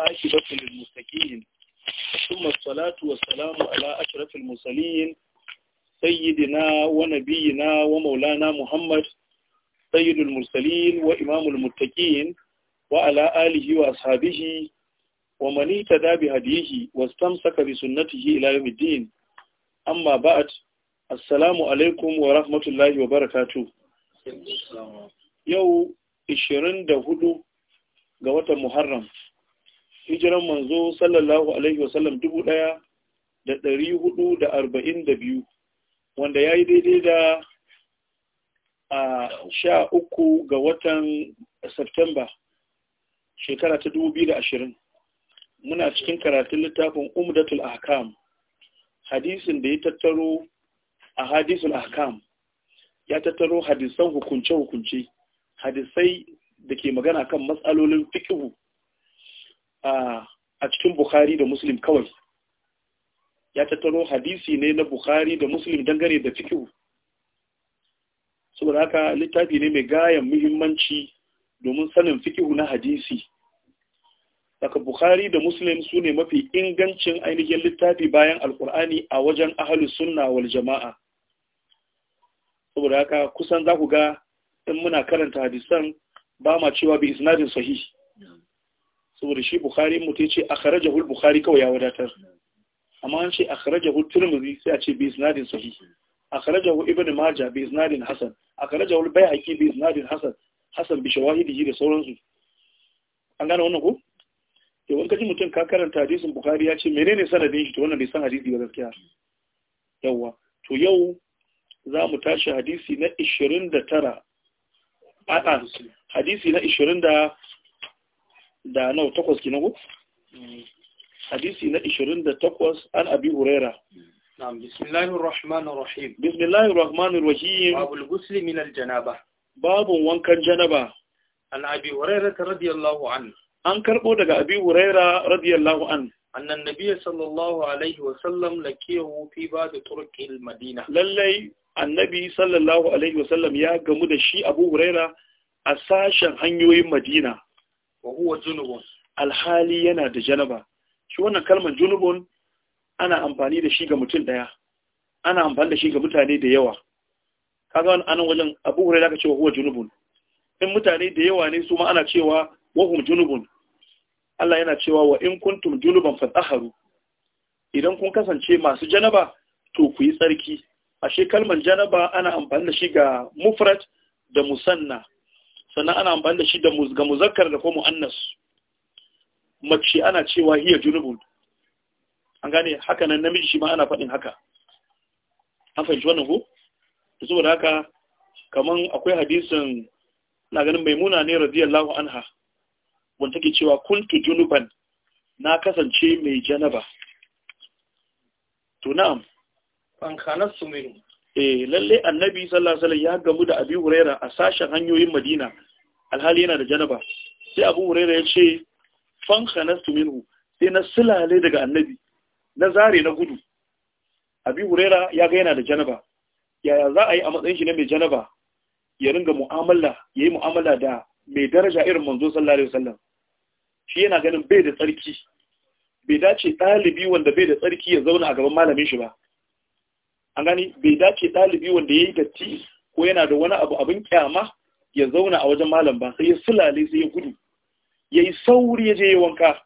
والآكبة للمتقين ثم الصلاة والسلام على أشرف المرسلين سيدنا ونبينا ومولانا محمد سيد المرسلين وإمام المتقين وعلى آله وأصحابه ومن اهتدى بهديه واستمسك بسنته إلى يوم الدين أما بعد السلام عليكم ورحمة الله وبركاته يو 24 ga watan Muharram hijiran manzo sallallahu alaihi wasallam dubu ɗaya da ɗari hudu da arba'in da biyu wanda ya yi daidai da a sha uku ga watan Septemba shekara ta dubu biyu da ashirin muna cikin karatun littafin umdatul ahkam hadisin da ya tattaro a hadisul ahkam ya tattaro hadisan hukunce-hukunce hadisai da ke magana kan matsalolin fikihu a cikin Bukhari da Muslim kawai ya tattaro hadisi ne na Bukhari da Muslim dangane da fikihu saboda haka littafi ne mai gayan muhimmanci domin sanin fikihu na hadisi daga Bukhari da Muslim su ne mafi ingancin ainihin littafi bayan Alkur'ani a wajen ahalus sunna wal jama'a saboda haka kusan za ku ga in muna karanta hadisan ba ma cewa bi isnadin sahih saboda shi bukhari mutu ce akharajahu al-bukhari kawai ya wadatar amma an ce akharajahu tirmidhi sai a ce bi isnadin sahih akharajahu ibn majah bi isnadin hasan akharajahu al-baihaqi bi isnadin hasan hasan bi shawahidihi da sauransu an gane wannan ko to wanka ji mutum ka karanta hadisin bukhari ya ce menene sanadin shi to wannan bai san hadisi ba gaskiya yawa to yau za mu tashi hadisi na 29 a'a hadisi na da. da nau takwas ki nago hadisi na takwas an abi huraira na'am bismillahir rahim rahim babul ghusl min al babun wankan janaba an abi ta radiyallahu an an karbo daga abi huraira radiyallahu an أن النبي da الله عليه وسلم لكيه في Madina. Lallai annabi sallallahu alaihi wa sallam ya gamu da shi abu أبو a sashen hanyoyin Madina. wa huwa junubun alhali yana da janaba shi wannan kalmar junubun ana amfani da shi ga mutum daya ana amfani da shi ga mutane da yawa kaga wannan anan wajen abu hurairah ce huwa junubun in mutane da yawa ne su ma ana cewa wa hum junubun Allah yana cewa wa in kuntum junuban fatahharu idan kun kasance masu janaba to ku yi tsarki ashe kalmar janaba ana amfani da shi ga mufrad da musanna sannan ana amfani da shi da ga muzakkar da kuma mu'annas mace ana cewa hiya junubul an gane haka nan namiji shi ma ana faɗin haka an fahimci wannan ko da saboda haka kaman akwai hadisin na ganin maimuna ne radiyallahu anha wanda take cewa kuntu junuban na kasance mai janaba to na'am an su mai eh lalle annabi sallallahu alaihi wasallam ya gamu da abi huraira a sashen hanyoyin madina alhali yana da janaba sai abu huraira ya ce fan khanastu minhu sai na silale daga annabi na zare na gudu abi huraira ya ga yana da janaba yaya za a yi a matsayin shi na mai janaba ya ringa mu'amala ya mu'amala da mai daraja irin manzo sallallahu alaihi wasallam shi yana ganin bai da tsarki bai dace ɗalibi wanda bai da tsarki ya zauna a gaban malamin shi ba an gani bai dace ɗalibi wanda ya yi datti ko yana da wani abu abin kyama ya zauna a wajen malam ba sai ya sulale sai ya gudu ya yi sauri ya je ya wanka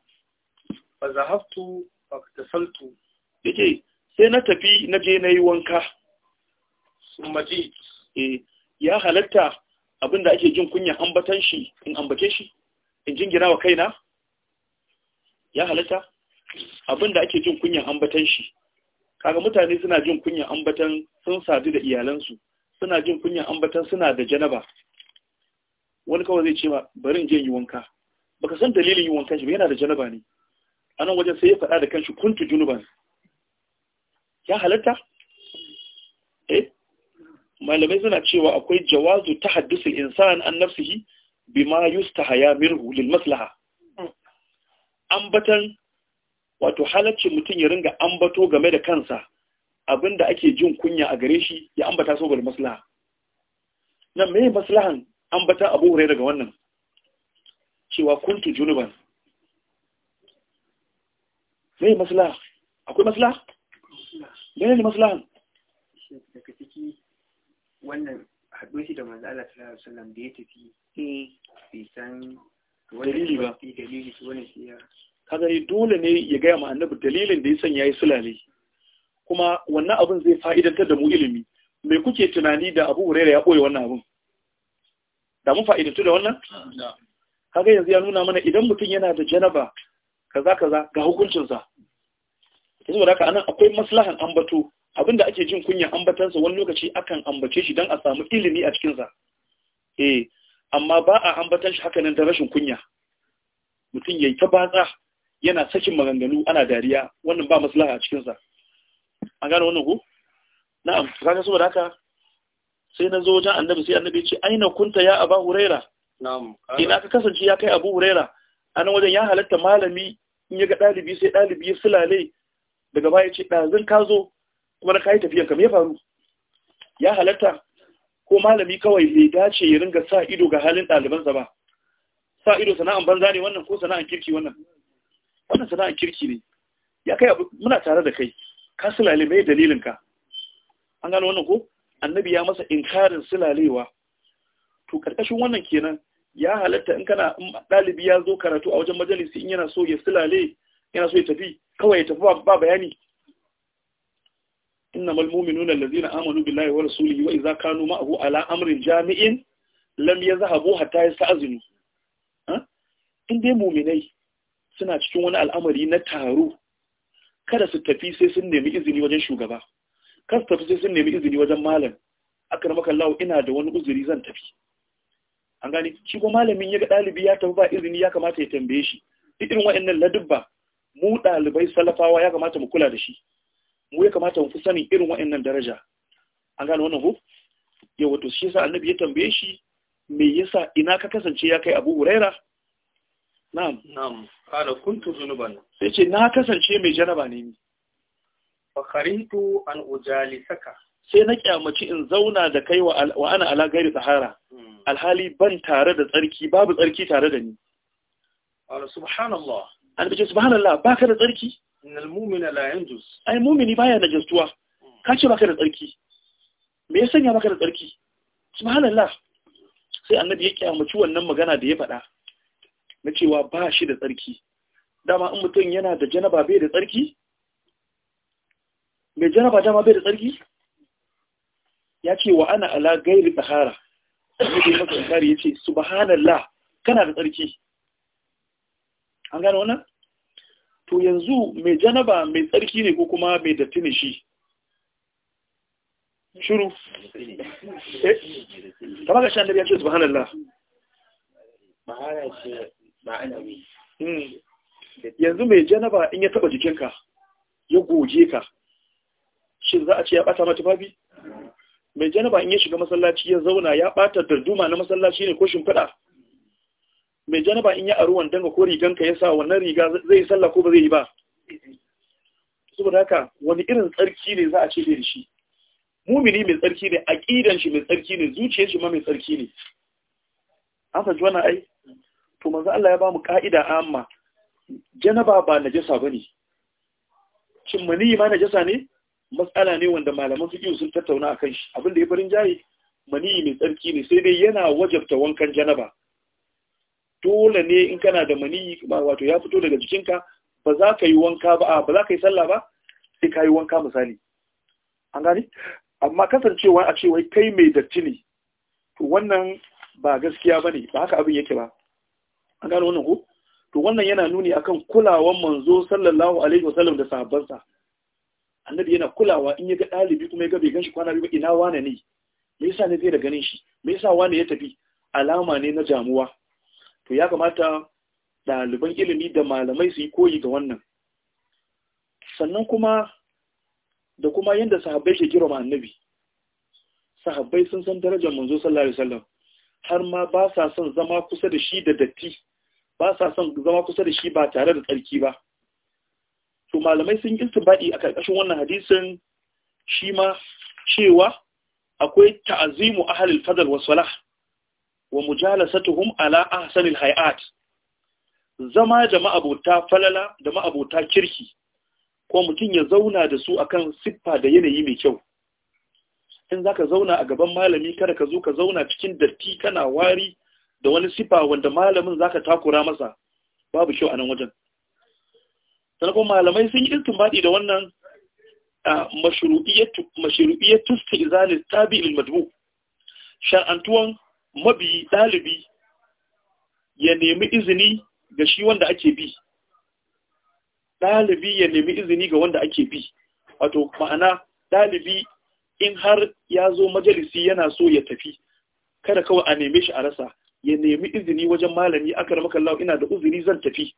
ba za haftu ba ta saltu yake sai na tafi na je na yi wanka sun maji eh, ya halatta abin da ake jin kunya ambatan shi in ambace shi in jingina wa kaina ya halatta da ake jin kunya ambatan shi kaga mutane suna jin kunya ambatan sun sadu da iyalansu suna jin kunya ambatan suna da janaba wani kawai zai ce ba, bari in je yi wanka baka san dalilin yin wankan shi ba yana da janaba ne a nan wajen sai ya faɗa da kanshi kuntu junuban ya halatta eh malamai suna cewa akwai jawazu ta haddisa insan an nafsihi bima yustahaya mirhu lil maslaha hmm. ambatan wato halaccin mutum ya ringa ambato game da kansa abinda ake jin kunya a gare shi ya ambata saboda maslaha nan me maslahan ambata abu hurai daga wannan cewa kuntu junuban me maslaha akwai maslaha Me ne maslahan daga ciki wannan haɗo shi da manzo Allah sallallahu alaihi wasallam da ya tafi hmm. bai san wani dalili ba dalili shi ya ka ne dole ne ya gaya ma annabi dalilin da ya sanya ya sulale kuma wannan abin zai fa'idantar da mu ilimi mai kuke tunani da abu hurera ya ɓoye wannan abin da mun fa'idantu da wannan kaga yanzu ya nuna mana idan mutum yana da janaba kaza kaza ga hukuncinsa yanzu da haka anan akwai maslahan ambato abinda ake jin kunyan ambatansa wani lokaci akan ambace shi dan a samu ilimi a cikinsa eh amma ba a ambatan shi hakanan da rashin kunya mutum yayi ta batsa yana sakin maganganu ana dariya wannan ba maslaha a cikinsa an gane wannan ku na'am kaga saboda haka sai na zo wajen annabi sai annabi ya ce aina kunta ya abu huraira na'am ina ka kasance ya kai abu huraira anan wajen ya halatta malami in ya ga ɗalibi sai ɗalibi ya sulale daga baya ce zan ka zo kuma na kai tafiyan ka me faru ya halatta ko malami kawai bai dace ya ringa sa ido ga halin ɗalibansa ba sa ido sana'an banza ne wannan ko sana'an kirki wannan wannan sana'ar kirki ne ya kai muna tare da kai ka sulale mai dalilin ka an gano wannan ko annabi ya masa inkarin sulalewa to karkashin wannan kenan ya halatta in kana dalibi ya zo karatu a wajen majalisi in yana so ya sulale yana so ya tafi kawai ya tafi ba bayani إنما المؤمنون الذين آمنوا بالله ورسوله وإذا كانوا معه على أمر جامع لم يذهبوا حتى يستأذنوا إن دي مؤمني suna cikin wani al'amari na taro kada su tafi sai sun nemi izini wajen shugaba Kada su tafi sai sun nemi izini wajen malam akar makallawo ina da wani uzuri zan tafi an gane shi ko malamin ya ga ɗalibi ya tafi ba izini ya kamata ya tambaye shi duk irin wa'annan ladubba mu ɗalibai salafawa ya kamata mu kula da shi mu ya kamata mu fi sanin irin wa'annan daraja an gane wannan ko yawa wato shi yasa annabi ya tambaye shi me yasa ina ka kasance ya kai abu huraira na'am na'am qala kuntu zunuban sai ce na kasance mai janaba ne ni fa karintu an saka. sai na kyamaci in zauna da kai wa ana ala gairi sahara hmm. alhali ban tare da tsarki babu tsarki tare da ni ala subhanallah an bace subhanallah baka da tsarki innal mu'mina la yanjus ai mu'mini baya najistuwa hmm. ka ce baka da tsarki me ya sanya baka da tsarki subhanallah sai annabi ya kyamaci wannan magana da ya faɗa na cewa ba shi da tsarki dama in mutum yana da janaba bai da tsarki mai janaba dama bai da tsarki ya ce wa ana ala gairi tsahara yake masa tsari ya ce subhanallah kana da tsarki an gano wannan to yanzu mai janaba mai tsarki ne ko kuma mai datti ne shi shuru eh? kama ga shi ya ce subhanallah ma'ana ce yanzu mai janaba in ya taba jikinka ya goje ka shi za a ce ya bata mata babi mai janaba in ya shiga masallaci ya zauna ya bata darduma na masallaci ne ko shimfiɗa mai janaba in ya aruwan danga ko riganka ya sa wannan riga zai yi sallah ko ba zai yi ba saboda haka wani irin tsarki ne za a ce bai da shi mumini mai tsarki ne aqidan shi mai tsarki ne zuciyar shi ma mai tsarki ne an san wannan ai to manzo Allah ya ba mu ka'ida amma janaba ba najasa bane shin mani ma najasa ne matsala ne wanda malaman fiqh sun tattauna akan shi abinda ya farin jari, mani mai tsarki ne sai dai yana wajabta wankan janaba dole ne in kana da mani wato ya fito daga jikinka ba za ka yi wanka ba ba za ka yi sallah ba sai ka yi wanka misali an gani amma kasancewa a ce wai kai mai datti ne to wannan ba gaskiya bane ba haka abin yake ba an gano wannan ko to wannan yana nuni akan kulawan manzo sallallahu alaihi wasallam da sahabbansa annabi yana kulawa in ya ga ɗalibi kuma ya ga bai ganshi kwana biyu ba ina wane ne me yasa ne zai da ganin shi me yasa wane ya tafi alama ne na jamuwa to ya kamata ɗaliban ilimi da malamai su yi koyi ga wannan sannan kuma da kuma yanda sahabbai ke girma annabi sahabbai sun san darajar manzo sallallahu alaihi wasallam har ma ba sa son zama kusa da shi da datti ba sa son zama kusa da shi ba tare da tsarki ba to malamai sun yi baɗi a ƙarƙashin wannan hadisin shi ma cewa akwai ta'azimu wasu fadl wa salah wa mujalasatuhum ala ahsanil hay'at zama da ma'abota falala da ma'abota kirki ko mutum ya zauna da su akan siffa da yanayi mai kyau in zaka zauna a gaban malami kada ka zo ka zauna cikin datti kana wari da wani sifa wanda malamin zaka takura masa babu shi a nan wajen sannan malamai sun yi istinbadi da wannan mashru'iyyatu ta bi tabi'il madubu sha'antuwan mabi dalibi ya nemi izini ga shi wanda ake bi dalibi ya nemi izini ga wanda ake bi wato ma'ana ɗalibi in har ya zo majalisi yana so ya tafi kada kawai a neme shi a rasa ya nemi izini wajen malami aka ramaka Allah ina da uzuri zan tafi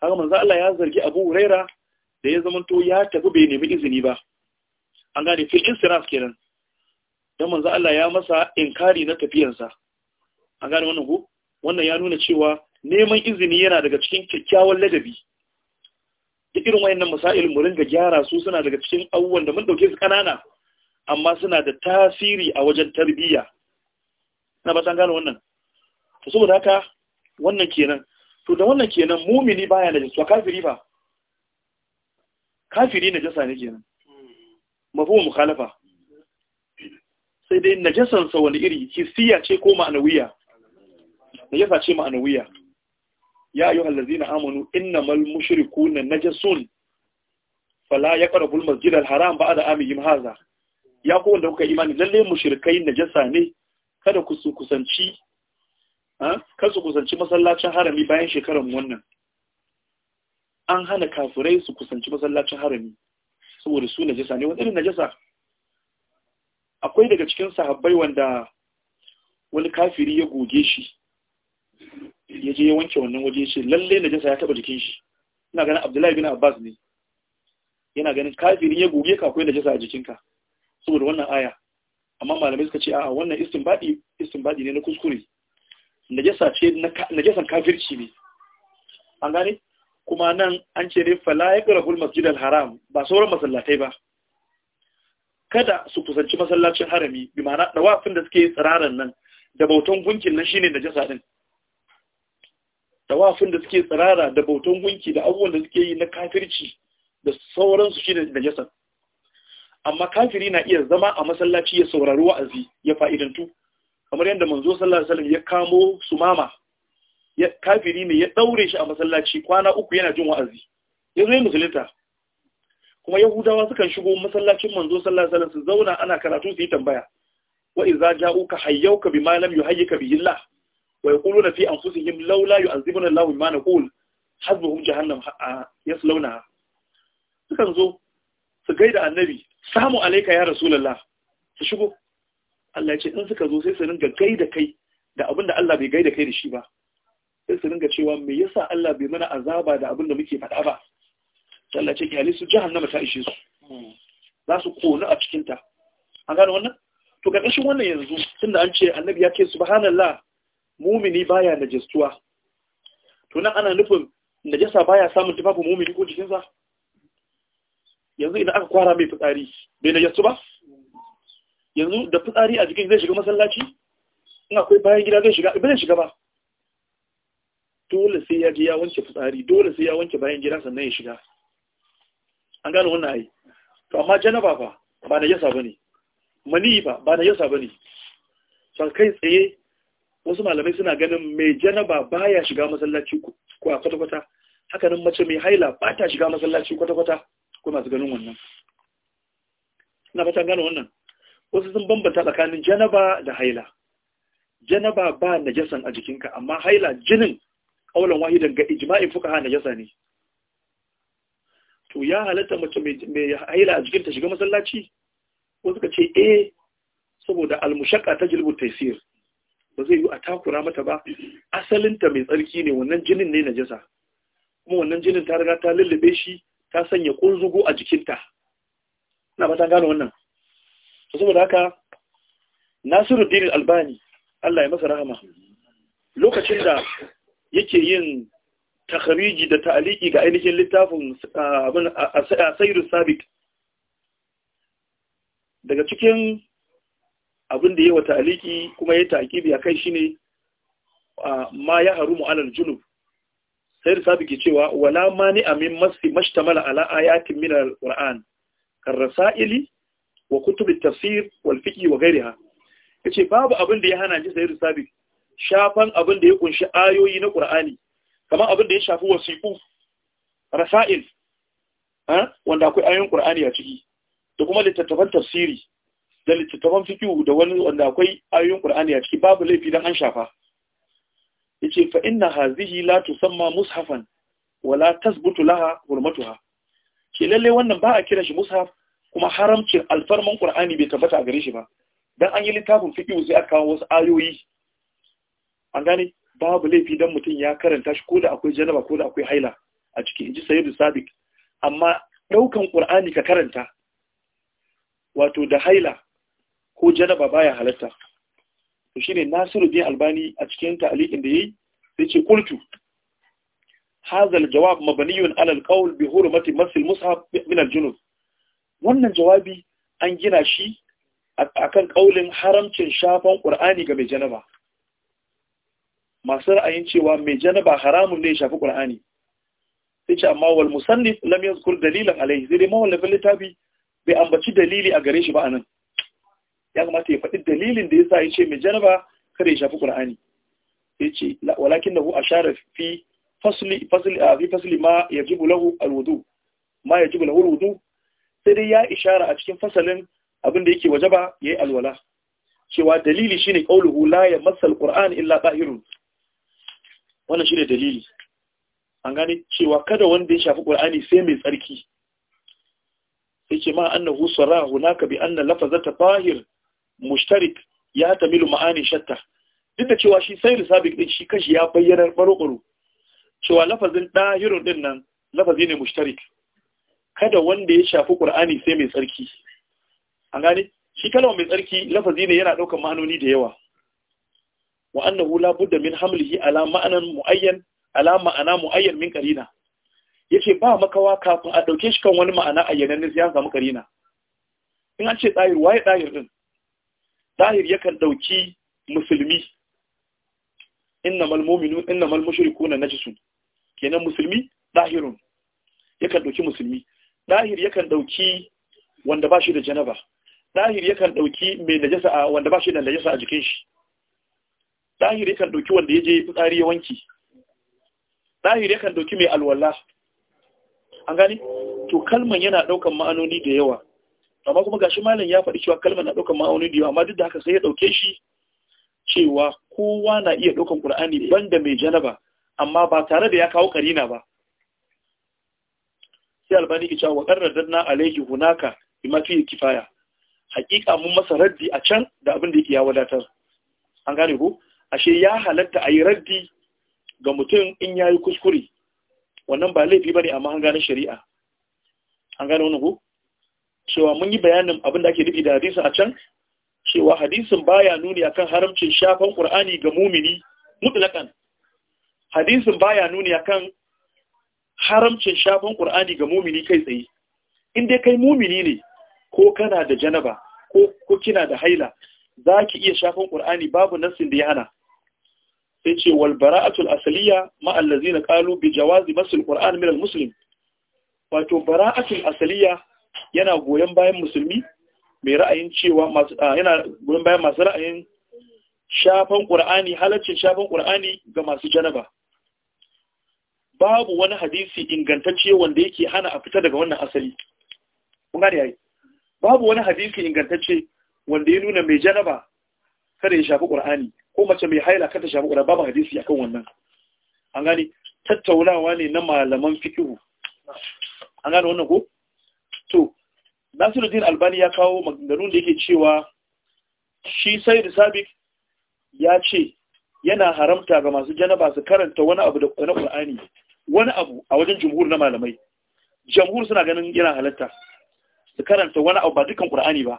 haka manzo Allah ya zargi Abu Huraira da ya zama to ya tafi bai nemi izini ba an gane fil insiraf kenan dan manzo Allah ya masa inkari na tafiyarsa. an gane wannan ko wannan ya nuna cewa neman izini yana daga cikin kyakkyawan ladabi duk irin wayannan masail mu ringa gyara su suna daga cikin abubuwan da mun dauke su kanana amma suna da tasiri a wajen tarbiyya na ba san gane wannan to saboda haka wannan kenan to da wannan kenan mumini baya da jisuwa kafiri ba kafiri na jasa ne kenan mafi mukhalafa sai dai jasansa wani iri hissiya ce ko ma'anawiya najasa ce ma'anawiya ya ayyuhal ladzina amanu innamal mushrikuuna najasun fala yaqrabul masjidal haram ba'da amihim hadha ya ko wanda kuka imani lalle mushrikai najasa ne kada ku su kusanci kar su kusanci masallacin harami bayan shekaran wannan an hana kafirai su kusanci masallacin harami saboda su najasa ne wani irin najasa akwai daga cikin sahabbai wanda wani kafiri ya goge shi ya je ya wanke wannan waje ce lalle najasa ya taba jikin shi ina ganin abdullahi bin abbas ne yana ganin kafirin ya goge ka akwai najasa a jikinka saboda wannan aya amma malamai suka ce a'a wannan istinbadi istinbadi ne na kuskure najasa ce najasan kafirci ne an gane kuma nan an ce ne fala ya masjid al haram ba sauran masallatai ba kada su kusanci masallacin harami bi ma'ana dawafin da suke tsararan nan da bautan gunkin nan shine najasa din dawafin da suke tsirara da bautan gunki da abubuwan da suke yi na kafirci da sauransu shine najasa amma kafiri na iya zama a masallaci ya saurari wa'azi ya fa'idantu kamar yadda manzo sallallahu alaihi wasallam ya kamo sumama ya kafiri ne ya daure shi a masallaci kwana uku yana jin wa'azi ya zo musulunta kuma yahudawa sukan shigo masallacin manzo sallallahu alaihi wasallam su zauna ana karatu su yi tambaya wa idza ja'uka hayyuka bima lam yuhayyika bihi Allah wa yaquluna fi anfusihim laula yu'azibuna Allahu bima naqul hasbuhum jahannam yaslawna sukan zo su gaida annabi samu alayka ya rasulullah su shigo Allah ya ce in suka zo sai su ringa da kai da abinda da Allah bai gai da kai da shi ba sai su ringa cewa me yasa Allah bai mana azaba da abin muke faɗa ba sai Allah ya ce kyale su jahannama ta ishe su za su kona a cikin ta an gane wannan to karkashin wannan yanzu tunda an ce annabi ya ce subhanallah mumini baya najistuwa to nan ana nufin najasa baya samun tufafin mumini ko jikinsa yanzu idan aka kwara mai fitsari bai najastu ba yanzu da fitsari a jikin zai shiga masallaci in akwai bayan gida zai shiga ba zai shiga ba dole sai ya je ya wanke fitsari dole sai ya wanke bayan gida sannan ya shiga an gane wannan ai to amma janaba fa ba na yasa bane mani ba ba na yasa bane to kai tsaye wasu malamai suna ganin mai janaba baya shiga masallaci ko a kwata-kwata haka nan mace mai haila ba ta shiga masallaci kwata-kwata ko masu ganin wannan ina fata gane wannan wasu sun bambanta tsakanin janaba da haila janaba ba najasan a jikinka amma haila jinin kaulan wahidan ga ijma'in fuqaha najasa ne to ya halatta mace mai haila a jikinta shiga masallaci wasu ka ce eh saboda almushaqqa tajlibu taysir ba zai yi a takura mata ba asalinta mai tsarki ne wannan jinin ne najasa kuma wannan jinin ta riga ta lullube shi ta sanya kunzugu a jikinta na ba ta gano wannan to saboda haka nasiru dinin albani Allah ya masa rahama lokacin da yake yin takhariji da ta'aliki ga ainihin littafin a asairu sabit daga cikin abin da wa ta'aliki kuma ya kai shi shine ma ya haru mu'alar junub sayar sabi ke cewa wala mani amin masi mashtamala ala ayatin min rasa ili. wa kutub tafsir wal fiqh wa ghayriha yace babu abin da ya hana ji sayyidu sabiq shafan abin da ya kunshi ayoyi na qur'ani kamar abin da ya shafi wasiqu rasail wanda akwai ayoyin qur'ani a ciki da kuma littattafan tafsiri da littattafan fiqh da wani wanda akwai ayoyin qur'ani a ciki babu laifi dan an shafa yace fa inna hazihi la tusamma mushafan wala tasbutu laha hurmatuha ke lalle wannan ba a kira shi mushaf kuma haramcin alfarman ƙur'ani bai tabbata a gare shi ba Don an yi littafin fiqh sai aka kawo wasu ayoyi an gane babu laifi don mutum ya karanta shi ko da akwai janaba ko da akwai haila a ciki ji sayyidu sabik amma ɗaukan ƙur'ani ka karanta wato da haila ko janaba baya halatta to shine Nasiruddin Albani a cikin ta'liqin da yayi sai ce qultu hazal jawab mabniyun ala al bi hurmati mas mushaf min junub wannan jawabi an gina shi akan ƙaunin haramcin shafan ƙur'ani ga mai janaba masu ra'ayin cewa mai janaba haramun ne shafi ƙur'ani. sai ce amma wal musannif lam zukur dalilan alaihi zai dai wallafin littafi bai ambaci dalili a gare shi ba anan ya kamata ya faɗi dalilin da ya sa ya ce mai janaba kada ya shafi ƙur'ani. sai ce walakin da a share fasli fi fasli ma yajibu lahu alwudu ma lahu alwudu sai dai ya ishara a cikin fasalin abin da yake ba ya yi alwala cewa dalili shine qauluhu la matsal qur'an illa tahirun wannan shine dalili an gane cewa kada wanda ya shafi qur'ani sai mai tsarki yake ma annahu sara ka bi anna lafazata tahir mushtarik ya tamilu ma'ani shatta duk da cewa shi sai lisabik din shi kashi ya bayyana barokoro cewa lafazin tahirun din nan lafazi ne mushtarik kada wanda ya shafi ƙur'ani sai mai tsarki an gane shi kalma mai tsarki lafazi ne yana ɗaukar ma'anoni da yawa wa annahu la budda min hamlihi ala ma'anan muayyan ala ma'ana muayyan min qarina yace ba makawa kafin a dauke shi kan wani ma'ana ayyanan sai ya samu qarina in an ce tsahir waye tsahir din tsahir yakan dauki musulmi innamal mu'minu innamal mushrikuna najisun kenan musulmi tsahirun yakan dauki musulmi ɗahir yakan ɗauki wanda ba shi da janaba ɗahir yakan ɗauki mai najasa a wanda ba shi da najasa a jikin shi ɗahir yakan ɗauki wanda ya je fitsari ya wanki ɗahir yakan ɗauki mai alwala an gani to kalman yana ɗaukan ma'anoni da yawa amma kuma gashi malam ya faɗi cewa kalman na ɗaukan ma'anoni da yawa amma duk da haka sai ya ɗauke shi cewa kowa na iya ɗaukan ƙur'ani banda mai janaba amma ba tare da ya kawo karina ba sai albani ke cewa wa da na alaihi hunaka bi mafi kifaya hakika mun masa raddi a can da abin da yake ya wadatar an gane ko ashe ya halatta a yi raddi ga mutum in ya yi kuskure wannan ba laifi ba ne amma an gane shari'a an gane wani ko cewa mun yi bayanin abin da ake nufi da hadisin a can cewa hadisin baya nuni akan haramcin shafan Qur'ani ga mumini kan. hadisin baya nuni akan haramcin shafan ƙur'ani ga mumini kai tsaye in dai kai mumini ne ko kana da janaba ko kina da haila za ki iya shafan ƙur'ani babu nassin da ya hana sai ce wal bara'atul asaliya ma allazina qalu bi jawazi masl qur'an min al muslim wato bara'atul asaliya yana goyen bayan musulmi mai ra'ayin cewa yana goyen bayan masu ra'ayin shafan ƙur'ani, halaccin shafan ƙur'ani, ga masu janaba babu wani hadisi ingantacce wanda yake hana a fita daga wannan asali kun gane yayi babu wani hadisi ingantacce wanda ya nuna mai janaba kada ya shafi qur'ani ko mace mai haila kada ta shafi qur'ani babu hadisi akan wannan an gane tattaunawa ne na malaman fiqh an gane wannan ko to Nasiruddin Albani ya kawo maganganun da yake cewa shi sai sabik ya ce yana haramta ga masu janaba su karanta wani abu da na Qur'ani wani abu a wajen jumhur na malamai jumhur suna ganin yana halatta su karanta wani abu ba dukan qur'ani ba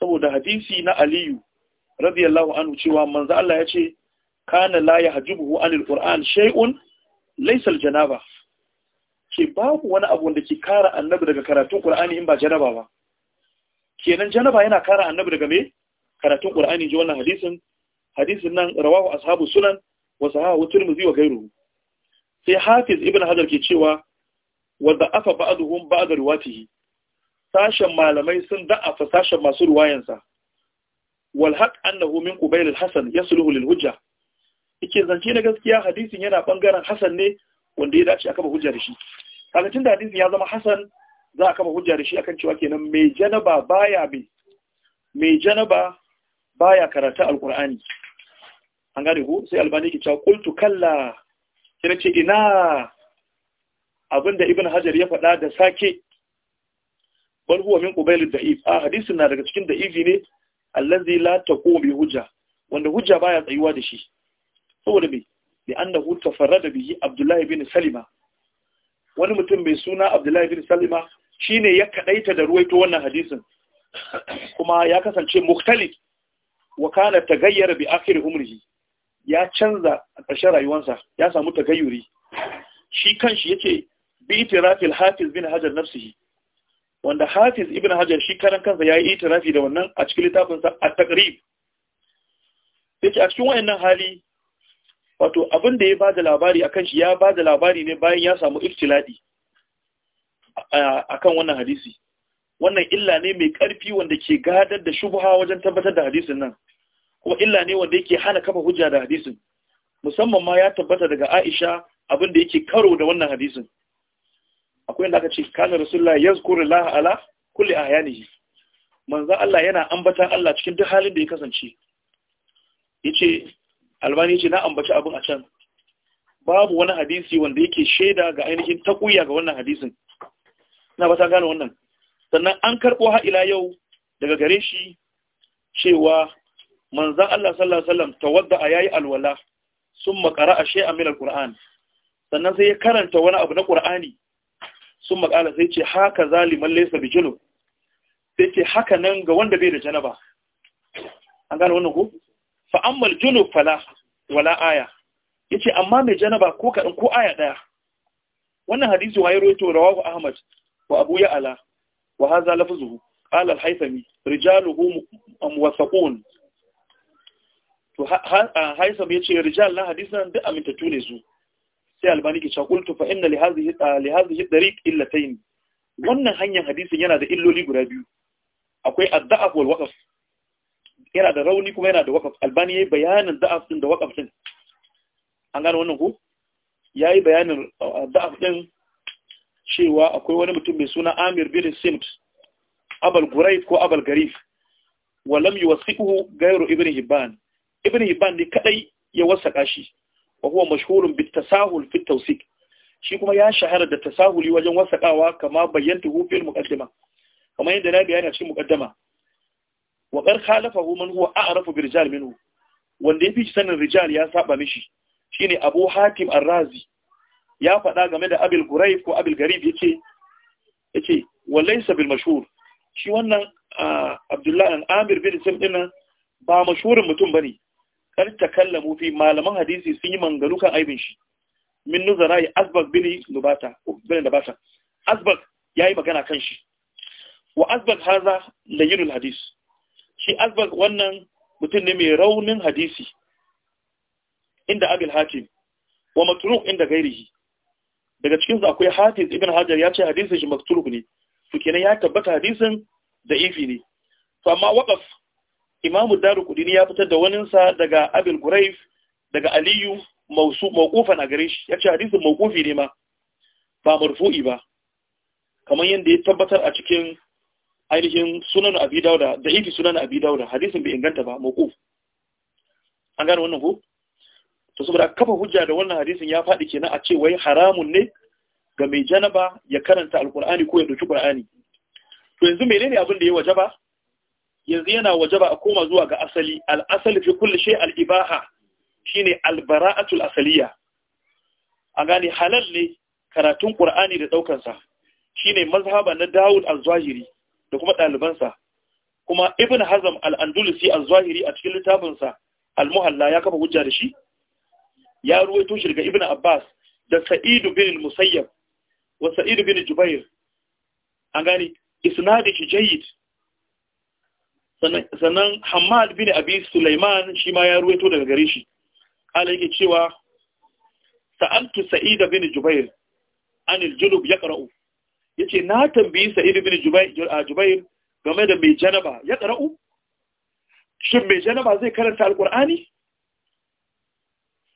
saboda hadisi na aliyu radiyallahu anhu cewa manzo Allah ya ce kana la yahjubuhu anil qur'an shay'un laysa al janaba ke babu wani abu wanda ke kara annabi daga karatun qur'ani in ba janaba ba kenan janaba yana kara annabi daga me karatun qur'ani ji wannan hadisin hadisin nan rawahu ashabu sunan wa sahahu tirmidhi wa ghayruhu sai hafiz ibn hajar ke cewa wadda afa ba'aduhum ba'da ruwatihi sashen malamai sun da'afa sashen masu ruwayansa wal haq annahu min qubayl al hasan yasluhu lil hujja yake zance na gaskiya hadisin yana bangaren hasan ne wanda ya dace aka ba hujja da shi kaga tunda hadisin ya zama hasan za a kama hujja da shi akan cewa kenan mai janaba baya bi mai janaba baya karanta alqur'ani an gane ko sai albani ke cewa qultu kalla Ina ce ina abinda ibn hajar ya faɗa da sake bal huwa min qabil da'if a ah, hadisin na daga cikin da'ifi ne allazi la taqum bi hujja wanda hujja baya tsayuwa da shi saboda me bi annahu tafarrada bihi abdullah ibn salima wani mutum mai suna Abdullahi bin salima shi ne ya kadaita da ruwaito wannan hadisin kuma ya kasance muktali wa kana tagayyara bi akhir umrihi ya canza a ƙarshen rayuwarsa ya samu tagayyuri shi kanshi yace bi itirafil hafiz bin hajar nafsihi wanda hafiz ibn hajar shi karan kansa ya yayi itirafi da wannan a cikin littafinsa a takrib. taqrib a cikin wayannan hali wato abin da ya da labari akan shi ya ba da labari ne bayan ya samu iftiladi akan wannan hadisi wannan illa ne mai ƙarfi wanda ke gadar da shubha wajen tabbatar da hadisin nan kuma illa ne wanda yake hana kafa hujja da hadisin musamman ma ya tabbata daga Aisha abin da yake karo da wannan hadisin akwai inda aka ce kana rasulullahi yazkurullaha ala kulli ahyanihi manzo Allah yana ambata Allah cikin duk halin da ya kasance yace albani yace na ambaci abin a can babu wani hadisi wanda yake shaida ga ainihin takuya ga wannan hadisin ina ba ta gane wannan sannan an karbo ha ila yau daga gare shi cewa manzan Allah sallallahu alaihi wasallam tawadda a yayi alwala sun makara a a milar alquran sannan sai ya karanta wani abu na Kur'ani. sun makala sai ce haka zaliman laysa bijulu sai ce haka nan ga wanda bai da janaba an gane wannan ko fa ammal junub fala wala aya yace amma mai janaba ko kadan ko aya daya wannan hadisi waye rawaito rawahu ahmad wa abu ya'la wa hadha lafzuhu qala al-haythami rijaluhu muwaththaqun to haisam ya ce rijal na hadisan duk amintattu ne su sai albani ke cakultu fa inna li hadhihi dariq illatayn wannan hanyar hadisin yana da illoli guda biyu akwai ad-da'af wal waqf yana da rauni kuma yana da waqf albani yayi bayanin da'af din da waqf din an gano wannan ko yayi bayanin da'af din cewa akwai wani mutum mai suna Amir bin Simt Abal Guraib ko Abal Garif Wa lam yuwasiquhu ghayru Ibn Hibban ibn hibban ne kadai ya wasaka shi wa huwa mashhurun bit tasahul fi tawsik shi kuma ya shahara da tasahuli wajen wasakawa kama bayyanta hu fil kamar yadda na bayani a cikin muqaddama wa qad khalafahu man huwa a'rafu bi rijal minhu wanda yafi sanin rijal ya saba mishi shine Abu Hatim Ar-Razi ya faɗa game da Abil Ghuraib ko Abil Garib yace yace walaysa bil mashhur shi wannan ah, Abdullah an Amir bin Sim din ba mashhurin mutum bane kar ta kallamu fi malaman hadisi sun yi mangalu kan aibin shi min nuzarai azbak bini nubata oh, bata, nubata ya yayi magana kan shi wa azbak haza layyinul hadis shi azbak wannan mutum ne mai raunin hadisi inda abil hatim wa matruk inda gairihi daga cikin su akwai hadis ibn hajar ya ce hadisin shi matruk ne to kenan ya tabbata hadisin da ifi ne to amma waqaf imamu daru kudini ya fitar da waninsa daga abil guraif daga aliyu mawqufan a gare shi ya ce hadisin mawqufi ne ma ba marfu'i ba kamar yadda ya tabbatar a cikin ainihin sunan abi dauda da ifi sunan abi dauda hadisin bai inganta ba mawquf an gane wannan ko to saboda kafa hujja da wannan hadisin ya faɗi kenan a ce wai haramun ne ga mai janaba ya karanta alkur'ani ko ya dauki qur'ani to yanzu menene abin da ya ba? yanzu yana wajaba a koma zuwa ga asali al'asali fi kulli shay al-ibaha shine al-bara'atul asaliya a gani halal ne karatun ƙur'ani da ɗaukansa. sa shine mazhaba na Dawud al-Zahiri da kuma ɗalibansa kuma Ibn Hazam al-Andalusi al-Zahiri a cikin littafinsa al-Muhalla ya kafa hujja da shi ya ruwaito shi daga Ibn Abbas da Sa'idu bin al-Musayyab wa Sa'id bin Jubair an gani isnadi shi jayyid sannan hamad bin abi sulaiman shi ma ya ruwaito daga gare shi ala yake cewa sa'altu Sa'ida bin jubair anil junub yaqra'u yace na tambayi sa'id bin jubair game da mai janaba ya qara'u shin mai janaba zai karanta alqur'ani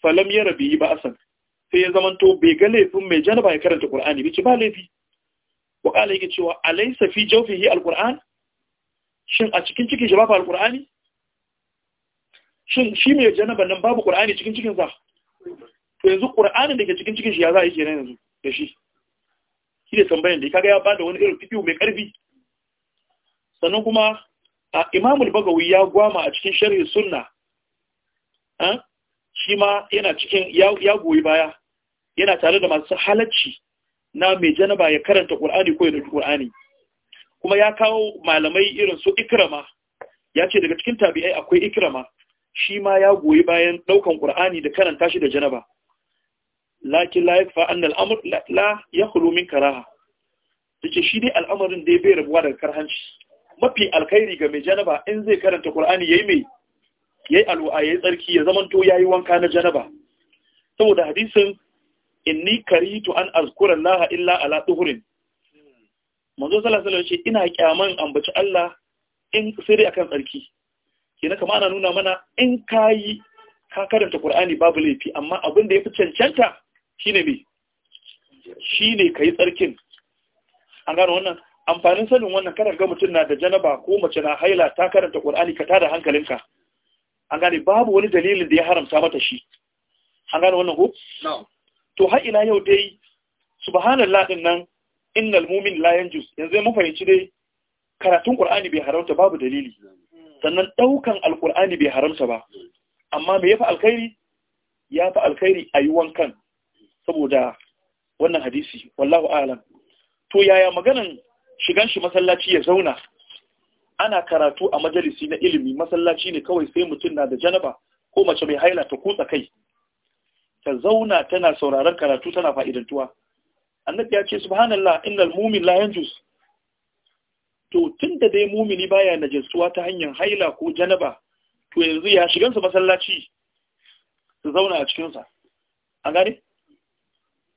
falam yara bihi asan sai ya zamanto bai ga laifin mai janaba ya karanta qur'ani ci ba laifi wa kala yake cewa alaysa fi jawfihi alqur'an shin a cikin cikin shi babu alkur'ani shin shi mai janaba nan babu qur'ani cikin cikin sa to yanzu qur'anin da ke cikin cikin shi ya za a yi kenan yanzu da shi shi ne tambayan da kaga ya bada wani irin fikihu mai karfi sannan kuma a Imamul al-Bagawi ya gwama a cikin sharhi sunna eh shi ma yana cikin ya goyi baya yana tare da masu halacci na mai janaba ya karanta qur'ani ko ya dauki qur'ani kuma ya kawo malamai irin su ikrama ya ce daga cikin tabi'ai akwai ikrama shi ma ya goyi bayan ɗaukan ƙur'ani da karanta shi da janaba laki la yakfa anna al la yakhlu min karaha ce shi dai al'amarin da bai rabuwa daga karhanci mafi alkhairi ga mai janaba in zai karanta qur'ani yayi mai yayi alwa'a yayi tsarki ya zamanto yayi wanka na janaba saboda hadisin inni karitu an azkura allaha illa ala tuhurin manzo sallallahu alaihi wasallam ina kyaman ambaci Allah in sirri akan tsarki kina kuma ana nuna mana in kai ka karanta Qur'ani babu laifi amma abin da yafi cancanta shine me shine kai tsarkin an gano wannan amfanin sanin wannan kada ga mutum na da janaba ko mace na haila ta karanta Qur'ani ka tada hankalinka an gane babu wani dalilin da ya haramta mata shi an gane wannan ko to har ila yau dai subhanallahi din nan innal mumin la yanjus yanzu mun fahimci dai karatun qur'ani bai haramta babu dalili sannan daukan alqur'ani bai haramta ba amma me yafi alkhairi yafi alkhairi ayi wankan saboda wannan hadisi wallahu a'lam to yaya maganan shigan shi masallaci ya zauna ana karatu a majalisi na ilimi masallaci ne kawai sai mutum na da janaba ko mace mai haila ta kutsa kai ta zauna tana sauraron karatu tana fa'idantuwa annabi ya ce subhanallah innal mu'min la yanjus to tunda dai mumini baya najasuwa ta hanyar haila ko janaba to yanzu ya su masallaci su zauna a cikinsa a gane?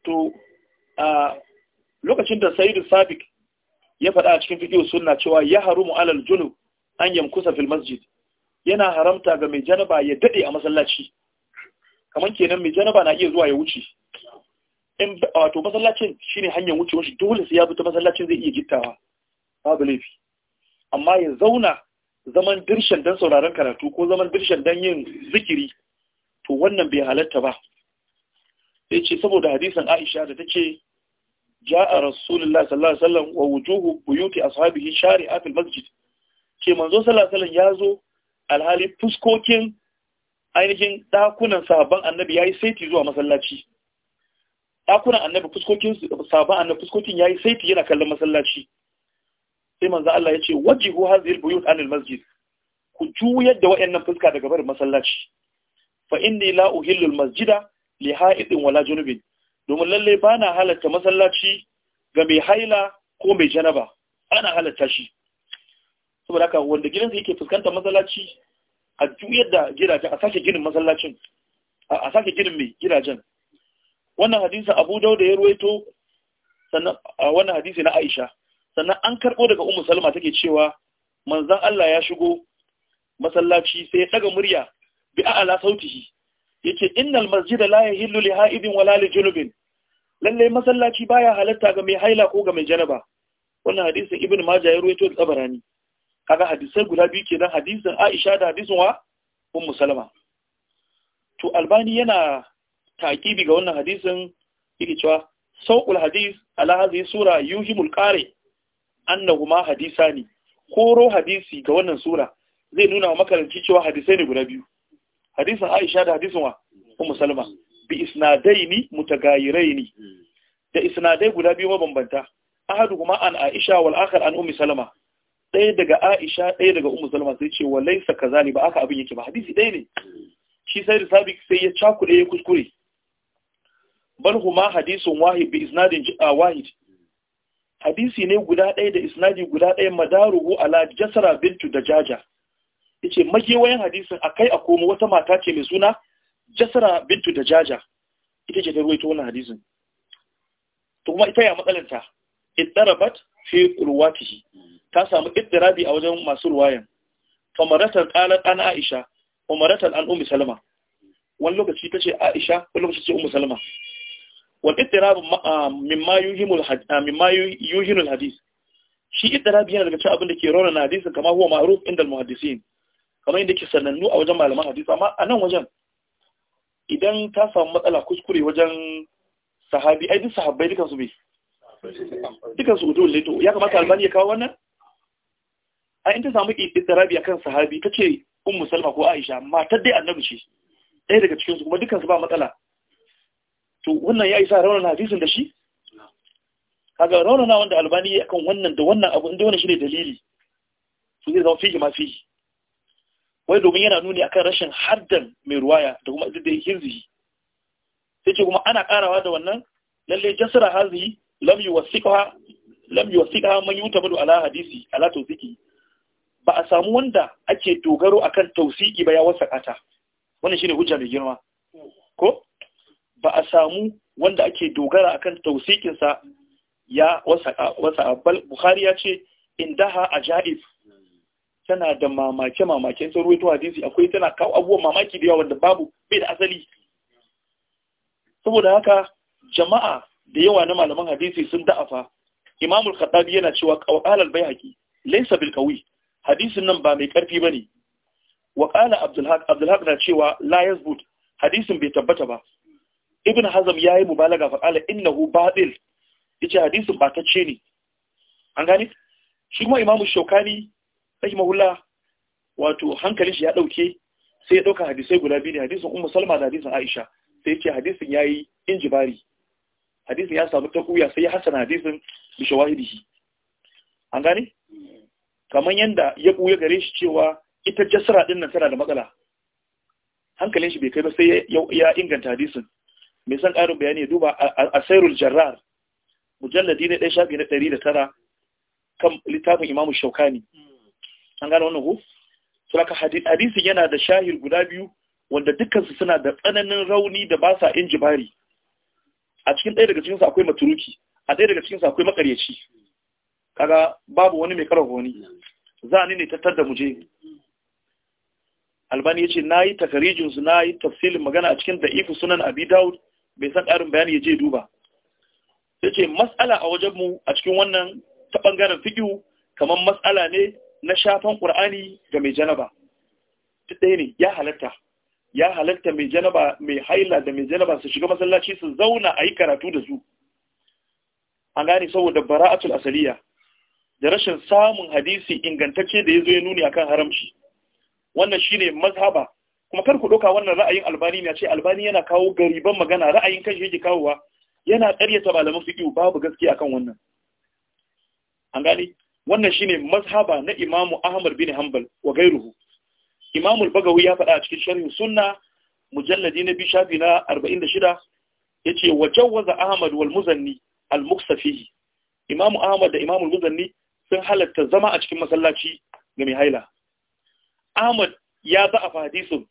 to a lokacin da Saidu sabik ya faɗa a cikin fidiyo suna cewa ya harumu alal junub an yamkusa fil masjid yana haramta ga mai janaba ya dade a masallaci kamar kenan mai janaba na iya zuwa ya wuce in wato masallacin shine hanyar wucewa shi dole sai ya bi ta masallacin zai iya gittawa babu laifi amma ya zauna zaman dirshan dan sauraron karatu ko zaman dirshan dan yin zikiri to wannan bai halatta ba sai ce saboda hadisan Aisha da take ja'a rasulullahi sallallahu alaihi wasallam wa wujuhu buyuti ashabihi shari'a fil masjid ke manzo sallallahu alaihi wasallam yazo alhali fuskokin ainihin dakunan sahabban annabi yayi saiti zuwa masallaci ɗakunan annabi fuskokin sabon annabi fuskokin yayi saiti yana kallon masallaci sai manzo Allah ya ce wajihu hadhihi albuyut anil masjid ku juyar da wayannan fuska daga barin masallaci fa inni la uhillu masjida li ha'idin wala junubin domin lalle bana halatta masallaci ga mai haila ko mai janaba ana halatta shi saboda haka wanda gidansa yake fuskanta masallaci a juyar da gidajen a sake ginin masallacin a sake ginin mai gidajen wannan hadisi abu dauda ya ruwaito sannan wannan hadisi na aisha sannan an karɓo daga ummu salma take cewa manzon Allah ya shigo masallaci sai ya daga murya bi a'la sautihi yace innal masjida la yahillu li ha'idin wala li junubin lalle masallaci baya halatta ga mai haila ko ga mai janaba wannan hadisin ibn Maja ya ruwaito da tabarani kaga hadisai guda biyu kenan hadisin aisha da hadisin wa ummu salama to albani yana takibi ga wannan hadisin yake cewa sauƙul hadis ala hadhihi sura yuhimul qari annahuma hadisani koro hadisi ga wannan sura zai nuna wa makaranci cewa hadisai ne guda biyu hadisin Aisha da hadisin wa Ummu Salma bi isnadaini mutagayiraini da isnadai guda biyu mabambanta ahaduhuma an Aisha wal akhar an Ummu Salma ɗaya daga Aisha ɗaya daga Ummu Salma sai ce walaysa kazali ba aka abin yake ba hadisi ɗaya ne shi sai da sabi sai ya cakuɗe ya kuskure bal huma hadisun wahid bi isnadin ah, wahid hadisi ne guda ɗaya da isnadi guda ɗaya madaruhu ala jasara bintu da jaja yace magewayen hadisin akai a komo wata mata ce mai suna jasara bintu da jaja ita ce ta ruwaito wannan hadisin to kuma ita ya matsalanta iddarabat fi ruwatihi ta samu iddirabi a wajen masu ruwayan famaratar qala an aisha umaratar an ummi salama wani lokaci ce aisha wani lokaci ce ummi salama wal ittirab mimma yuhimul mimma yuhinul hadith shi ittirab yana daga cikin abin da ke raunana hadisin kama huwa ma'ruf inda muhaddisin kamar yadda ke sanannu a wajen malaman hadisi amma a nan wajen idan ta samu matsala kuskure wajen sahabi ai duk sahabbai dukan su bai dukan su udul lito ya kamata albani ya kawo wannan ai in ta samu istirabi kan sahabi ce ummu salma ko aisha matar dai annabi ce ɗaya daga cikin su kuma dukan su ba matsala to wannan ya isa raunana hadisin da shi kaga raunana wanda albani ya kan wannan da wannan abu inda wannan shine dalili su zai zama fiye ma fiye. wai domin yana nuni akan rashin haddan mai ruwaya da kuma da hirzihi sai ce kuma ana karawa da wannan lalle jasra hazihi lam yuwasiqha lam yuwasiqha man yutabu ala hadisi ala tawsiki ba a samu wanda ake dogaro akan tausiki ba ya wasa ta wannan shine hujja mai girma ko ba a samu wanda ake dogara akan tausikinsa ya wasa abal. buhari ya ce indaha ajaib tana da mamake mamake sun ruwaito hadisi akwai tana kawo abubuwan mamaki da yawa wanda babu bai da asali saboda haka jama'a da yawa na malaman hadisi sun da'afa imamul khattabi yana cewa qawqal al laysa bil qawi hadisin nan ba mai karfi bane wa qala abdul na cewa la yazbut hadisin bai tabbata ba ibn hazm yi mubalaga fa qala innahu batil yace hadisin batacce ne an gani shi kuma imamu shaukani rahimahullah wato hankalin shi ya ɗauke. sai ya dauka hadisai guda biyu ne hadisin ummu salma da hadisin aisha sai yace hadisin yayi injibari hadisin ya samu kuya sai ya hasana hadisin bi shawahidihi an gani kamar yadda ya buya gare shi cewa ita jasra ɗin nan tana da matsala hankalin shi bai kai ba sai ya inganta hadisin mai son ƙarin bayani duba a sairul jarrar mujalladi na ɗaya shafi na ɗari da tara kan littafin imamu shaukani an gane wannan ku suraka hadisin yana da shahir guda biyu wanda dukkansu suna da tsananin rauni da ba sa jibari. a cikin ɗaya daga cikinsu akwai maturuki a ɗaya daga cikinsu akwai makaryaci kaga babu wani mai karawa wani za ni ne tattar da muje albani ya ce na yi takarijinsu na yi tafsilin magana a cikin ifu sunan abi dawud bai san ƙarin bayani ya je duba ya ce matsala a wajenmu a cikin wannan ta ɓangaren fiƙiyu kamar matsala ne na shafan ƙur'ani ga mai janaba duk ne ya halatta ya halatta mai janaba mai haila da mai janaba su shiga masallaci su zauna a yi karatu da su an gane saboda bara'atul asaliya da rashin samun hadisi ingantacce da ya zo ya nuna akan haramci wannan shine mazhaba kuma kar ku ɗauka wannan ra'ayin albani ne ce albani yana kawo gariban magana ra'ayin kan shi yake kawowa yana ƙaryata malaman fiqh babu gaskiya akan wannan an gane wannan shine mazhaba na imamu ahmad bin hanbal wa gairuhu imamu bagawi ya faɗa a cikin sharhi sunna mujalladi na bi shafi na 46 yace wa jawwaza ahmad wal muzanni al muksafihi imamu ahmad da imamu muzanni sun halatta zama a cikin masallaci ga mai haila ahmad ya za a hadisin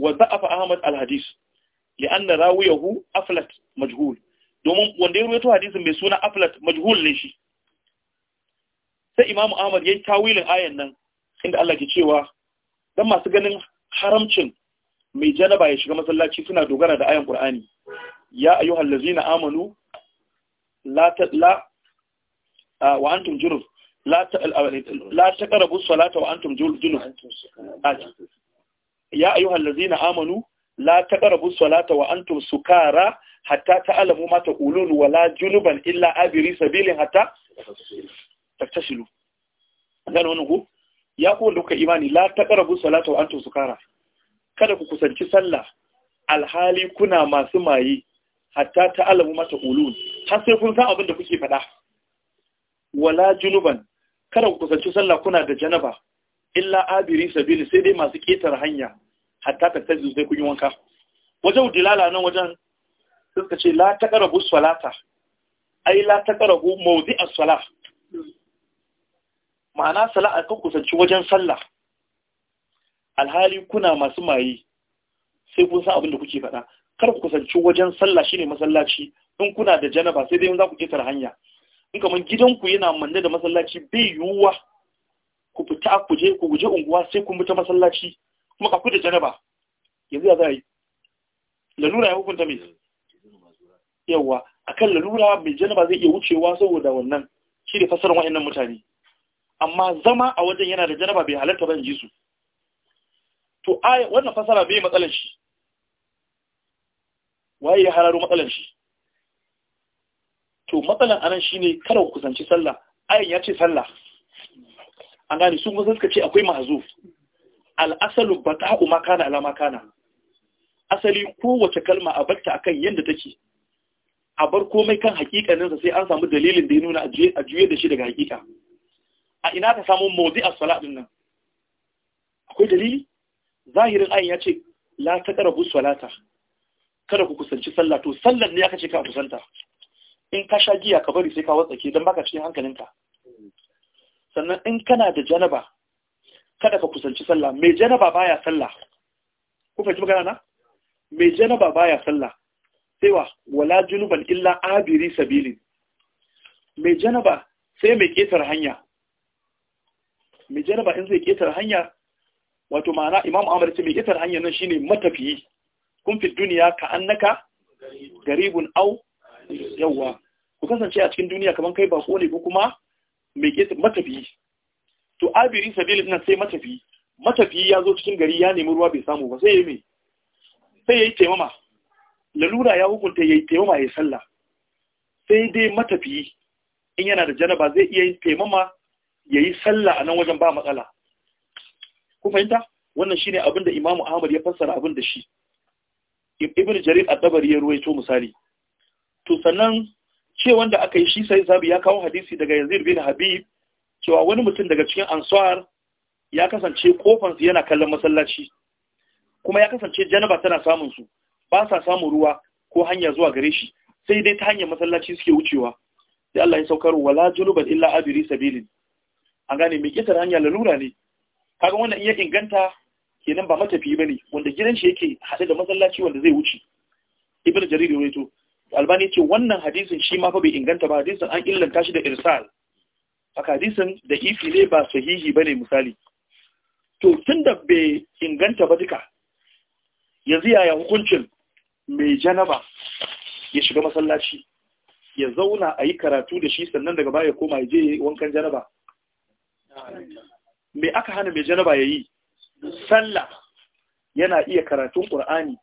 wa Afa Ahmad alhadis hadis li'anna rawiyahu aflat majhul domin wanda ya ruwaito hadisin mai suna aflat majhul ne shi sai Imam Ahmad yi tawilin ayan nan inda Allah ke cewa dan masu ganin haramcin mai janaba ya shiga masallaci suna dogara da ayan Qur'ani ya ayyuhal ladzina amanu la la wa antum junub la salata wa antum junub ya ayyuhal ladzina amanu la taqrabu salata wa antum sukara hatta ta'lamu ma taqulun wa la junuban illa abiri sabilin hatta taktashilu gano wannan ku? ya ku wanda kuka imani la taqrabu salata wa antum sukara kada ku kusanci sallah alhali kuna masu maye hatta ta'lamu ma taqulun har sai kun san abin da kuke faɗa wala junuban kada ku kusanci sallah kuna da janaba illa abiri sabili sai dai masu ketar hanya hatta ta tazi sai kun yi wanka wajen dilala nan wajen suka ce la ta karabu salata ai la ta karabu mawdi as-sala ma'ana sala'a kan kusanci wajen sallah alhali kuna masu mayi sai kun san abin da kuke faɗa kar ku kusanci wajen sallah shine masallaci in kuna da janaba sai dai in za ku ketar hanya in kaman gidanku yana manne da masallaci bai yiwuwa ku fita ku je ku guje unguwa sai kun ta masallaci kuma ka kuda janaba yanzu ya zai yi lalura ya hukunta mai yawa akan lalura mai janaba zai iya wucewa saboda wannan shi da fasarar wa'annan mutane amma zama a wajen yana da janaba bai halarta ban ji su to ai wannan fasara bai matsalar shi waye ya hararo matsalar shi to matsalar anan shine kada ku kusanci sallah ayin ya ce sallah an gani sun wasu suka ce akwai mahazuf al'asalu ba ta ma makana alama kana asali kowace kalma a bakta akan yadda take a bar komai kan haƙiƙaninsa sai an samu dalilin da ya nuna a juye da shi daga hakika a ina ka samu mozi a salat nan akwai dalili zahirin ayin ya ce la ta bu salata kada ku kusanci sallah to sallar ne ya kace ka kusanta in ka sha giya ka bari sai ka watsa ke, don baka cikin hankalinka sannan in kana da janaba kada ka kusanci sallah mai janaba baya sallah ku fahimci magana na mai janaba baya sallah sai wa wala junuban illa abiri sabilin mai janaba sai mai ketar hanya mai janaba in zai ketar hanya wato ma'ana imam amur ce mai ketar hanya nan shine matafiyi kun fi duniya ka annaka garibun au yauwa. ku kasance a cikin duniya kamar kai bako ne ko kuma mai ƙetare matafiyi to abiri sabilin na, sai matafiyi matafiyi ya zo cikin gari ya nemi ruwa bai samu ba sai ya mai sai ya yi taimama lalura ya hukunta ya yi taimama ya yi sallah sai dai matafiyi in yana da janaba zai iya yin taimama ya yi sallah a nan wajen ba matsala ku fahimta wannan shine abin da imamu ahmad ya fassara abin da shi ibn jarir at ya ruwaito misali to sannan ce wanda aka yi shi sai zabi ya kawo hadisi daga Yanzir bin habib cewa wani mutum daga cikin ansuwar ya kasance kofansu yana kallon masallaci kuma ya kasance janaba tana samun su ba sa samun ruwa ko hanya zuwa gare shi sai dai ta hanyar masallaci suke wucewa sai Allah ya saukar wa! wala junuban illa abiri sabilin an gane mai kitar hanya lalura ne kaga wannan iya inganta kenan ba matafi bane wanda gidan shi yake hade da masallaci wanda zai wuce ibnu jarir rawaito albani ce wannan hadisin shi ma fa bai inganta ba hadisin an illanta shi da irsal A hadisin da ifi ne ba sahihi ba ne, misali to tun da bai inganta ba duka ya yaya hukuncin mai janaba ya shiga masallaci ya zauna a yi karatu da shi sannan daga baya koma ya je wankan janaba me aka hana mai janaba ya yi sallah yana iya karatun ƙur'ani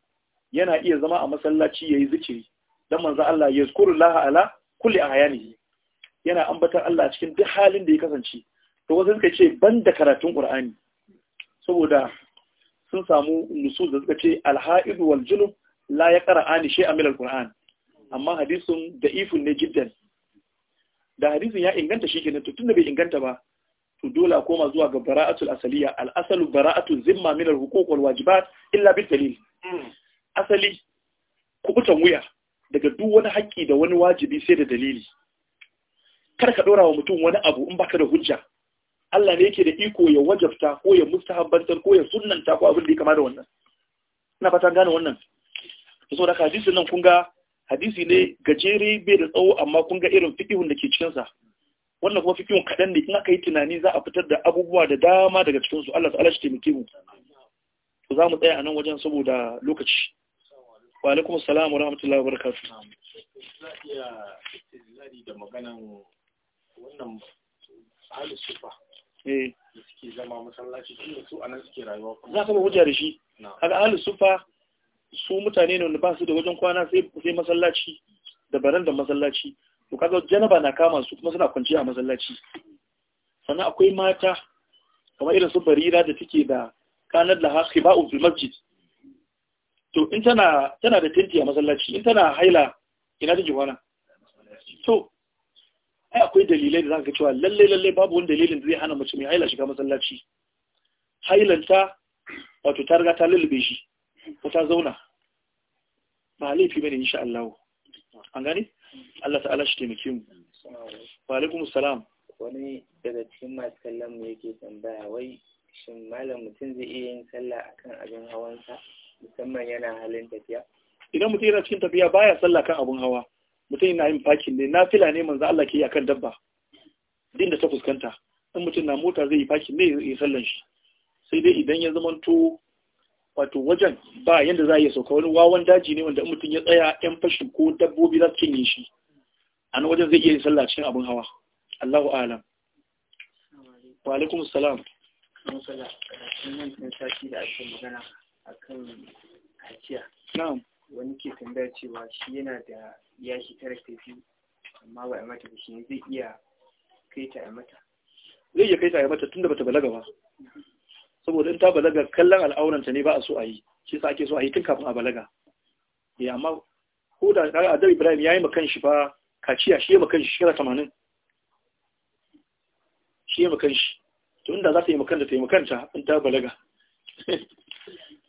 yana iya zama a masallaci ya yi zikiri dan manzo Allah yazkurullaha ala a ahyanihi yana ambatar Allah cikin duk halin da ya kasance to wasu suka ce banda karatun Qur'ani saboda sun samu nusus da suka ce Alha'idu wal junub la ya yaqra'ani shay'an min milar amma hadisin da'ifun ne jiddan da hadisin ya inganta shi kenan to tunda bai inganta ba to dole a koma zuwa ga bara'atul asaliya al-asalu bara'atul zimma min al wajiba wal wajibat illa bil dalil hmm. asali kubutan wuya daga duk wani haƙƙi da wani wajibi sai da dalili kar ka ɗora wa mutum wani abu in baka da hujja Allah ne yake da iko ya wajabta ko ya mustahabbantar ko ya sunnanta ko abin da ya kama da wannan ina fata gane wannan so da hadisi nan kun ga hadisi ne gajere bai da tsawo amma kun ga irin fiƙihun da ke cikinsa. wannan kuma fiqihun kaɗan ne in aka yi tunani za a fitar da abubuwa da dama daga cikin su Allah ta'ala shi taimake mu za mu tsaya a nan wajen saboda lokaci wa alaikum salam wa rahmatullahi wa barakatuh za iya istizlali da maganan wannan ahli sufa eh suke zama masallaci ne su a nan suke rayuwa za ka ba hujja da shi kaga ahli sufa su mutane ne wanda ba su da wajen kwana sai sai masallaci da barandar masallaci to kaga janaba na kama su kuma suna kwance a masallaci sannan akwai mata kamar irin su barira da take da kanar da haka ba'u fil masjid to in tana tana da tinti a masallaci in tana haila ina da kwana to ai akwai dalilai da zaka ga cewa lalle lalle babu wani dalilin da zai hana mace mai haila shiga masallaci hailanta wato ta riga ta lulube shi ko ta zauna ba laifi bane insha Allah an gane Allah ta'ala shi taimake mu wa alaikum assalam wani daga cikin masu kallon mu yake tambaya wai shin malam mutum zai iya yin sallah akan abin hawansa musamman yana halin tafiya idan mutum yana cikin tafiya baya sallah kan abun hawa mutum yana yin fakin ne na fila ne manzo Allah ke yi akan dabba din da ta fuskanta in mutum na mota zai yi fakin ne ya sallan shi sai dai idan ya zama to wato wajen ba yanda za a iya sauka wani wawan daji ne wanda in mutum ya tsaya yan fashi ko dabbobi za su cinye shi a nan wajen zai iya yin sallah cikin abun hawa Allahu alam wa alaikum salam karatun nan sati da ake magana akan kaciya wani ke tambaya cewa shi yana da ya shi amma ba a mata da shi zai iya kai ta a mata zai iya kai ta a mata tunda bata balaga ba saboda in ta balaga kallon al'auranta ne ba a so a yi shi sa ake so a yi tun kafin a balaga Eh amma ko da ga Adam Ibrahim yayi makan shi fa kaciya shi ya makan shi shekara 80 shi ya makan shi Tun da za ta yi makan da ta yi makanta in ta balaga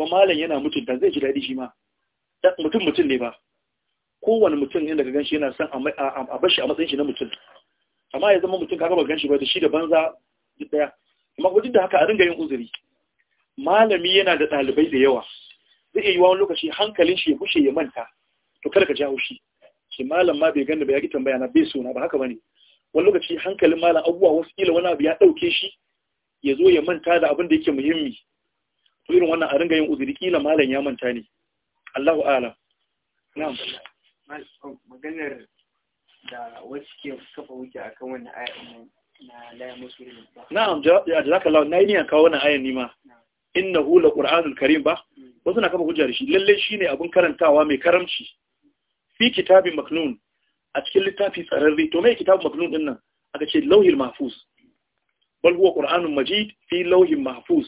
kuma malam yana mutunta zai ji daɗi shi ma mutum mutum ne ba kowane mutum inda ka ganshi yana son a bashi a matsayin shi na mutum amma ya zama mutum kaga ba ganshi ba da shi da banza duk daya amma ko duk da haka a ringa yin uzuri malami yana da ɗalibai da yawa zai iya yi wani lokaci hankalin shi ya bushe ya manta to kada ka jawo shi shi malam ma bai ganda ba ya ki tambaya na bai sona ba haka bane wani lokaci hankalin malam abubuwa wasu kila wani abu ya ɗauke shi ya zo ya manta da abin da yake muhimmi to irin wannan a ringa yin uzuri kila malam ya manta ne Allahu a'lam na'am maganar da wasu ke kafa wuce akan wannan ayatin na la musulmi ba na'am na yi ne kawo wannan ayan ni ma innahu laqur'anul karim ba mm. wasu na kafa hujja da shi lalle shine abun karantawa mai karamci fi kitabin maknun a cikin littafi tsararre to mai kitabin maknun din nan aka ce lauhil mahfuz bal huwa qur'anun majid fi lauhin mahfuz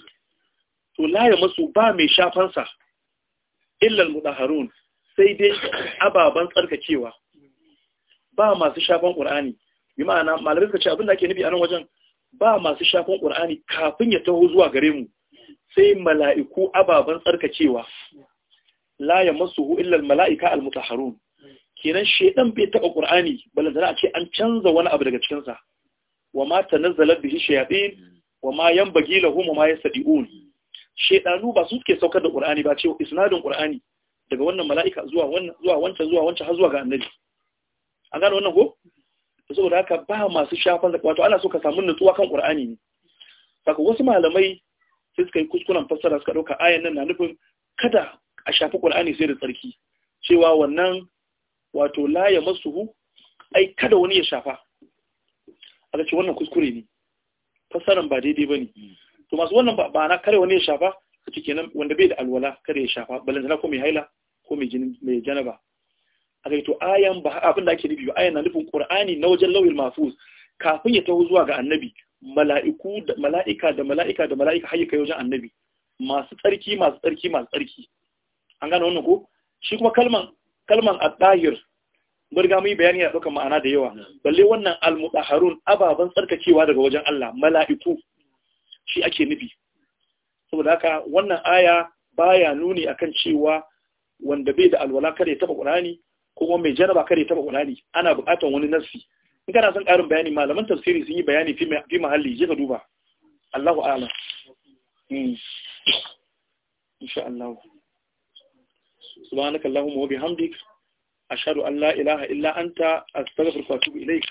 to laye masu ba mai shafansa illal mudaharun sai dai ababen tsarkakewa ba masu shafan ƙur'ani bi ma'ana malamai suka ce abin da ake nufi a nan wajen ba masu shafan ƙur'ani kafin ya taho zuwa gare mu sai mala'iku ababen tsarkakewa la ya masu illal mala'ika al mutaharun kenan shedan bai taɓa ƙur'ani balanta a ce an canza wani abu daga cikinsa wa ma da shi shayatin wa ma yan lahum wa ma sadi'un shedanu ba su suke saukar da qur'ani ba cewa isnadin qur'ani daga wannan mala'ika zuwa wannan zuwa wancan zuwa wancan har zuwa ga annabi an gano wannan ko saboda haka ba masu shafan da wato ana so ka samu nutsuwa kan qur'ani ne saka wasu malamai sai suka yi kuskuren fassara suka dauka ayan nan na nufin kada a shafi qur'ani sai da tsarki cewa wannan wato la ya masuhu ai kada wani ya shafa A ce wannan kuskure ne fassaran ba daidai bane to masu wannan ba na kare wani ya shafa suke nan wanda bai da alwala kare ya shafa na ko mai haila ko mai jini mai janaba a kai to ayan ba abin da ake nufi ba ayan na nufin qur'ani na wajen lawil mafuz kafin ya taho zuwa ga annabi mala'iku da mala'ika da mala'ika da mala'ika har ya kai wajen annabi masu tsarki masu tsarki masu tsarki an gane wannan ko shi kuma kalman kalman at-tahir burga mai bayani ya dauka ma'ana da yawa balle wannan al-mutahharun ababan tsarkakewa daga wajen Allah mala'iku shi ake nufi saboda haka wannan aya baya nuni akan cewa wanda bai da alwala kare taba qur'ani ko kuma mai janaba kare taba qur'ani ana buƙatar wani nassi in kana son ƙarin bayani malaman tafsiri sun yi bayani fi mahalli je ka duba Allahu a'lam hmm. insha Allah subhanaka allahumma wa bihamdik ashhadu an la ilaha illa anta astaghfiruka wa atubu ilaik